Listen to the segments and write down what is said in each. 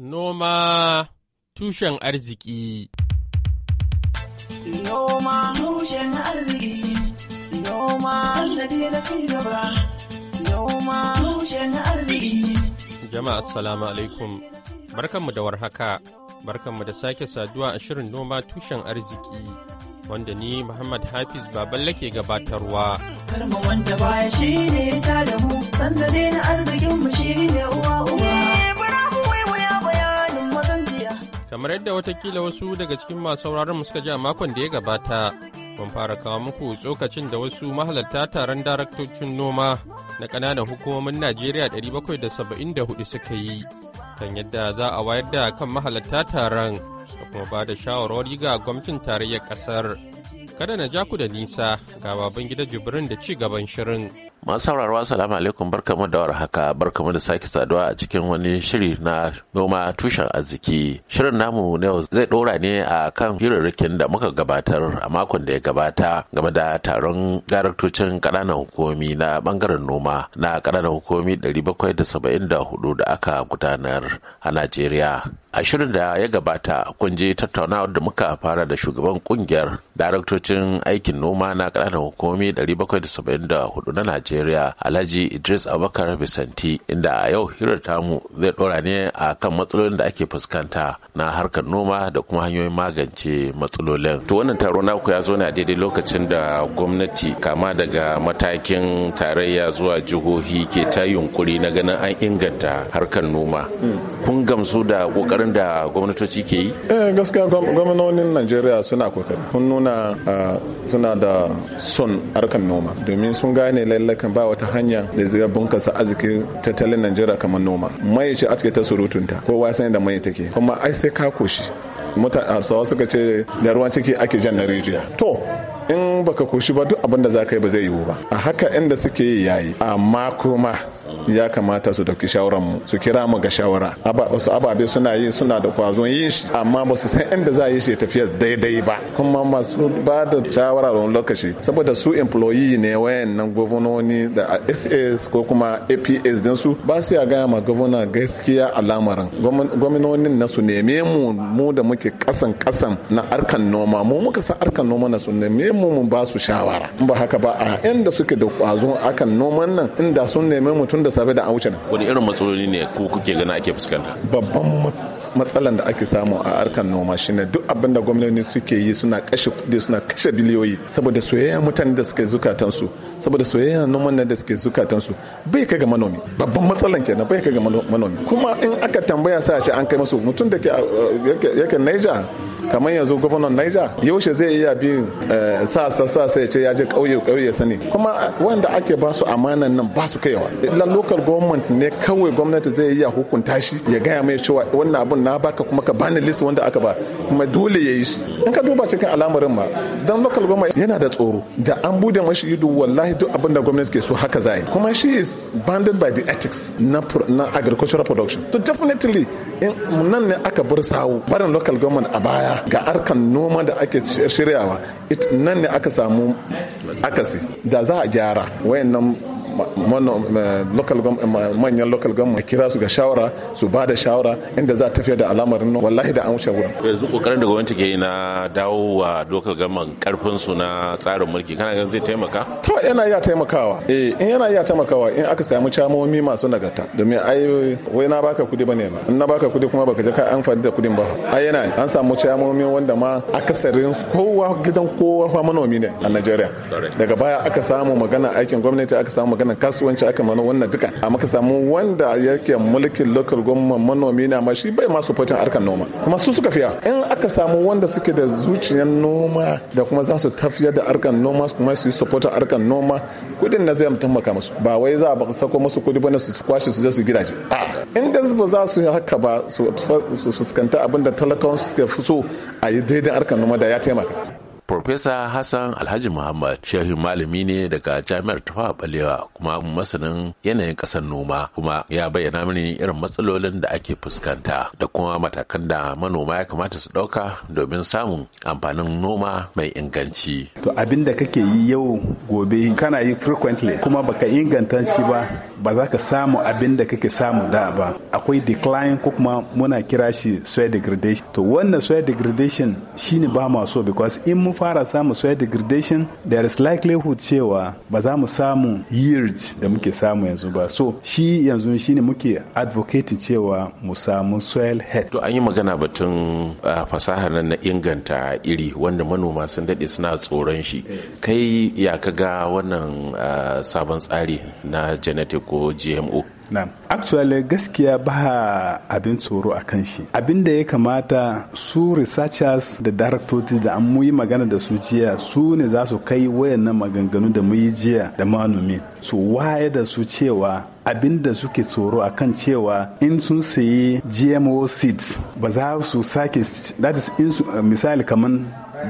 Noma tushen arziki Noma tushen arziki Noma sannadi na ci gaba Noma tushen arziki Jama'a assalamu alaikum barkanmu da warhaka barkanmu da sake saduwa a shirin noma tushen arziki wanda ni Muhammad Hafiz Baballe ke gabatarwa. Karma wanda baya shi ne ta da mu, sanda na arzikin mu shi ne uwa uwa. kamar yadda watakila wasu daga cikin masu sauraron mu suka ji a makon da ya gabata mun fara kawo muku tsokacin da wasu mahalarta taron daraktocin noma na ƙananan hukumomin najeriya 774 suka yi kan yadda za a wayar da kan mahalarta taron da kuma ba da shawarwari ga gwamnatin tarayyar ƙasar kada na ja ku da nisa ga baban gida jibrin da ci gaban shirin Masu sauraro assalamu alaikum barkamu da warhaka barkamu da sake saduwa a cikin wani shiri na noma tushen arziki. Shirin namu na yau zai dora ne a kan hirarrakin da muka gabatar a makon da ya gabata game da taron daraktocin ƙananan hukumomi na bangaren noma na ƙananan hukumomi 774 da aka gudanar a Najeriya. a shirin da ya gabata kun je tattaunawar da muka fara da shugaban kungiyar daraktocin aikin noma na ƙananan hukumomi 774 na Najeriya najeriya alhaji idris abubakar bisanti inda a yau hirar tamu zai dora ne a kan matsalolin da ake fuskanta na harkar noma da kuma hanyoyin magance matsalolin to wannan taro naku ya zo ne a daidai lokacin da gwamnati kama daga matakin tarayya zuwa jihohi ke ta yunkuri na ganin an inganta harkar noma kun gamsu da kokarin da gwamnatoci ke yi eh gaskiya gwamnonin najeriya suna kokari sun nuna ah, suna da son harkar noma domin sun gane lallakan kan ba wata hanya da zai bunkasa arzikin tattalin Najeriya kamar noma mai ce a cikin ta surutunta kowa san da mai take kuma ai sai ka koshi mutane suka ce da ruwan ciki ake jan na rijiya to in baka koshi ba duk abinda da za ka yi ba zai yiwu ba a haka inda suke yi yayi amma kuma ya kamata su dauki shawaran mu su kira mu ga shawara wasu ababe suna yi suna da kwazon yin shi amma ba su san inda za a yi shi tafiya daidai ba kuma masu ba da shawara wani lokaci saboda su employee ne wayan nan gwamnoni da ss ko kuma aps din su ba su ya gaya ma gwamna gaskiya al'amarin gwamnonin na su neme mu mu da muke kasan kasan na arkan noma mu muka san arkan noma na su neme mu mu ba su shawara in ba haka ba a inda suke da kwazo akan noman nan inda sun nemi mutum da safe da an wuce nan wani irin matsaloli ne ku kuke gana ake fuskanta babban matsalan da ake samu a harkar noma shine duk abin da gwamnati suke yi suna kashe kudi suna kashe biliyoyi saboda soyayya mutane da suke zukatan su saboda soyayya noman nan da suke zukatan su bai kai ga manomi babban matsalan kenan bai kai ga manomi kuma in aka tambaya sai a ce an kai musu mutum da ke yake Niger kamar yanzu gwamnan Niger yaushe zai iya bi eh, sa sa sa sai ce ya je kauye kauye sani kuma wanda ake ba su amanan nan ba su kaiwa la local government ne kawai gwamnati zai iya hukunta shi ya gaya mai cewa wannan abun na baka kuma ka bani list wanda aka ba kuma dole ya shi in ka duba cikin al'amarin ma dan local government yana da tsoro da an bude mashi ido wallahi duk abin da gwamnati ke so haka zai kuma shi is banded by the ethics na na agricultural production to definitely in nan ne aka bar sawu barin local government a baya ga arkan noma da ake shiryawa nan ne aka samu akasi da za a gyara wayannan local manyan local government kira su ga shawara su ba da shawara inda za a tafiya da al'amarin nan wallahi da an wuce wurin yanzu kokarin da gwamnati ke na dawo wa local government karfin su na tsarin mulki kana ganin zai taimaka to yana iya taimakawa eh in yana iya taimakawa in aka samu camomi masu nagarta domin ai wai na baka kudi bane ba in na baka kudi kuma baka je ka amfani da kudin ba ai yana an samu camomi wanda ma akasarin kowa gidan kowa fa manomi ne a Najeriya daga baya aka samu magana aikin gwamnati aka samu magana kenan kasuwanci aka mana wannan duka a ka samu wanda yake mulkin local government manomi na ma shi bai ma supporting harkar noma kuma su suka fiya in aka samu wanda suke da zuciyar noma da kuma za su tafiyar da harkar noma kuma su yi supporting harkar noma kudin na zai taimaka musu ba wai za a sako musu kudi bane su kwashe su je su gidaje in da ba za su yi haka ba su fuskanta abin da talakawan su suke so a yi daidai harkar noma da ya taimaka Profesa Hassan Alhaji Muhammad shehu malami ne daga Jami'ar tufa Balewa kuma masanin yanayin ƙasar noma kuma ya bayyana mini irin matsalolin da ake fuskanta da kuma matakan da manoma ya kamata su ɗauka domin samun amfanin noma mai inganci. To abin da kake yi yau gobe kana yi frequently kuma baka inganta shi ba ba za ka samu abin da kake samu da ba akwai decline ko kuma muna kira shi soil degradation to wannan soil degradation shine ba ma so because in fara samu soil degradation there is likelihood cewa ba za mu samu yield da muke samu yanzu ba so shi yanzu shine muke advocate cewa mu samu soil health to an yi magana batun fasahar nan na inganta iri wanda manoma sun dade suna tsoron shi kai ya ka ga wannan sabon tsari na genetic ko gmo Na'am. Actually gaskiya ba abin tsoro a kan shi. Abin da ya kamata su researchers da directors da an muyi magana da su jiya su ne za su kai wayan wayannan maganganu da muyi jiya da manomi Su waye da su cewa abin da suke tsoro a kan cewa in sun sayi GMO seeds ba za su sake that is misali kamar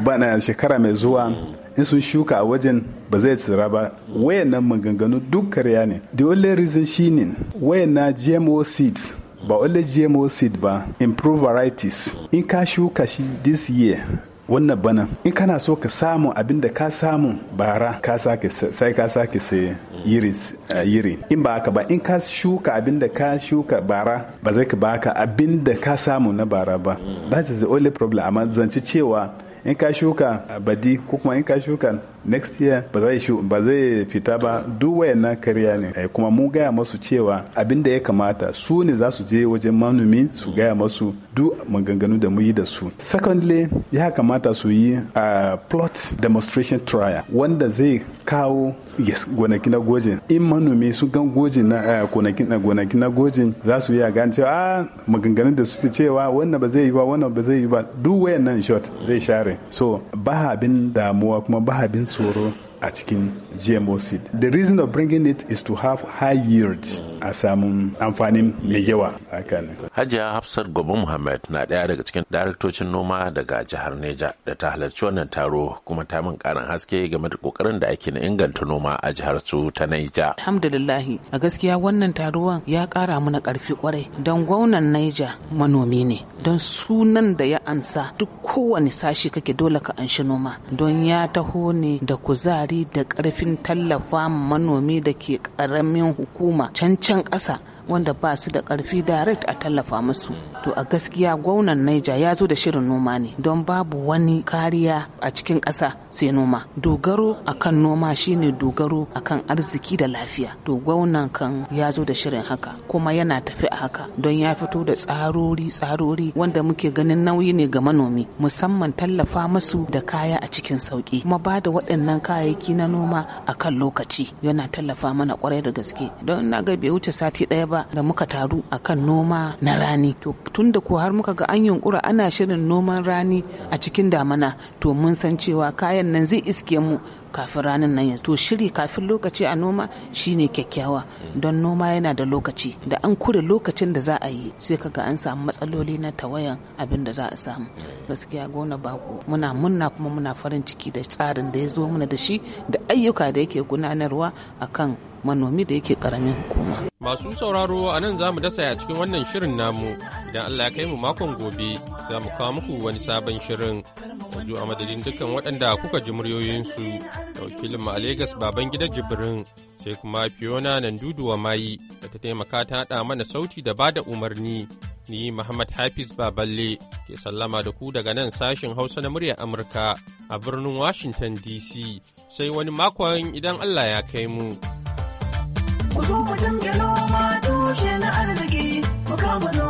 bana shekara mai zuwa in sun shuka a wajen ba zai tsira ba wayannan maganganu duk karya ne the only reason shi shine wayannan gmo seeds ba only gmo seed ba improve varieties in ka shuka shi this year wannan bana in kana so ka samu abin da ka samu bara ka sake sai ka sake sai yiri eh, yiri in ba haka ba in ka shuka abin da ka shuka bara ba zai ka baka abin da ka samu na bara ba that is the only problem amma zance cewa in ka shuka badi ko kuma in ka shuka next year ba zai shi ba zai fita ba duk wayannan kariya ne eh, kuma mu gaya masu cewa abin da ya kamata su ne za su je wajen manomi su gaya masu duk maganganu da mu yi da su secondly ya kamata su yi a plot demonstration trial wanda zai kawo yes, gonakin na gojin in manomi su gan gojin na eh, gonakin na gonakin na gojin za su yi a gan cewa a ah, maganganun da su cewa wannan ba zai yi ba wannan ba zai yi ba duk wayannan short zai share so ba abin damuwa kuma ba abin su soro a cikin gmo seed the reason of bringing it is to have high yield a samun amfanin mai yawa hajiya hafsat gobe muhammad na ɗaya daga cikin daraktocin noma daga jihar neja da ta halarci wannan taro kuma ta min karin haske game da kokarin da ake na inganta noma a jihar su ta neja alhamdulillahi a gaskiya wannan taruwan ya kara mana karfi kwarai don gwamnan neja manomi ne don sunan da ya ansa duk kowane sashi kake dole ka anshi noma don ya taho ne da kuzari da karfin tallafa manomi da ke karamin hukuma can can ƙasa wanda ba su da ƙarfi direct a tallafa musu to a gaskiya gwamnan naija ya zo da shirin noma ne don babu wani kariya a cikin ƙasa sai noma dogaro akan noma shine dogaro akan arziki da lafiya to gwamnan kan ya zo da shirin haka kuma yana tafi a haka don ya fito da tsarori tsarori wanda muke ganin nauyi ne ga manomi musamman tallafa masu da kaya a cikin sauki kuma ba da waɗannan kayayyaki na noma akan lokaci yana tallafa mana kwarai da gaske don na ga bai wuce sati ɗaya ba da muka taru akan noma na rani to tun da ko har muka ga an yunkura ana shirin noman rani a cikin damana to mun san cewa kayan nan zai iske mu kafin ranar nan yanzu to shiri kafin lokaci a noma shine kyakkyawa don noma yana da lokaci da an kure lokacin da za a yi sai kaga an samu matsaloli na tawayan abin da za a samu gaskiya gona bako muna munna kuma muna farin ciki da tsarin da ya zo mana da shi da ayyuka da yake gudanarwa a kan manomi da yake karamin hukuma masu sauraro a nan za mu dasa a cikin wannan shirin namu idan Allah ya kai mu makon gobe za mu kawo muku wani sabon shirin yanzu a madadin dukkan waɗanda kuka ji muryoyinsu da wakilin mu a Legas baban gida Jibrin sai kuma Fiona nan duduwa mayi da ta taimaka ta haɗa mana sauti da bada umarni ni Muhammad Hafiz Baballe ke sallama da ku daga nan sashin Hausa na muryar Amurka a birnin Washington DC sai wani makon idan Allah ya kai mu. Ku zo mu na arziki, ku kama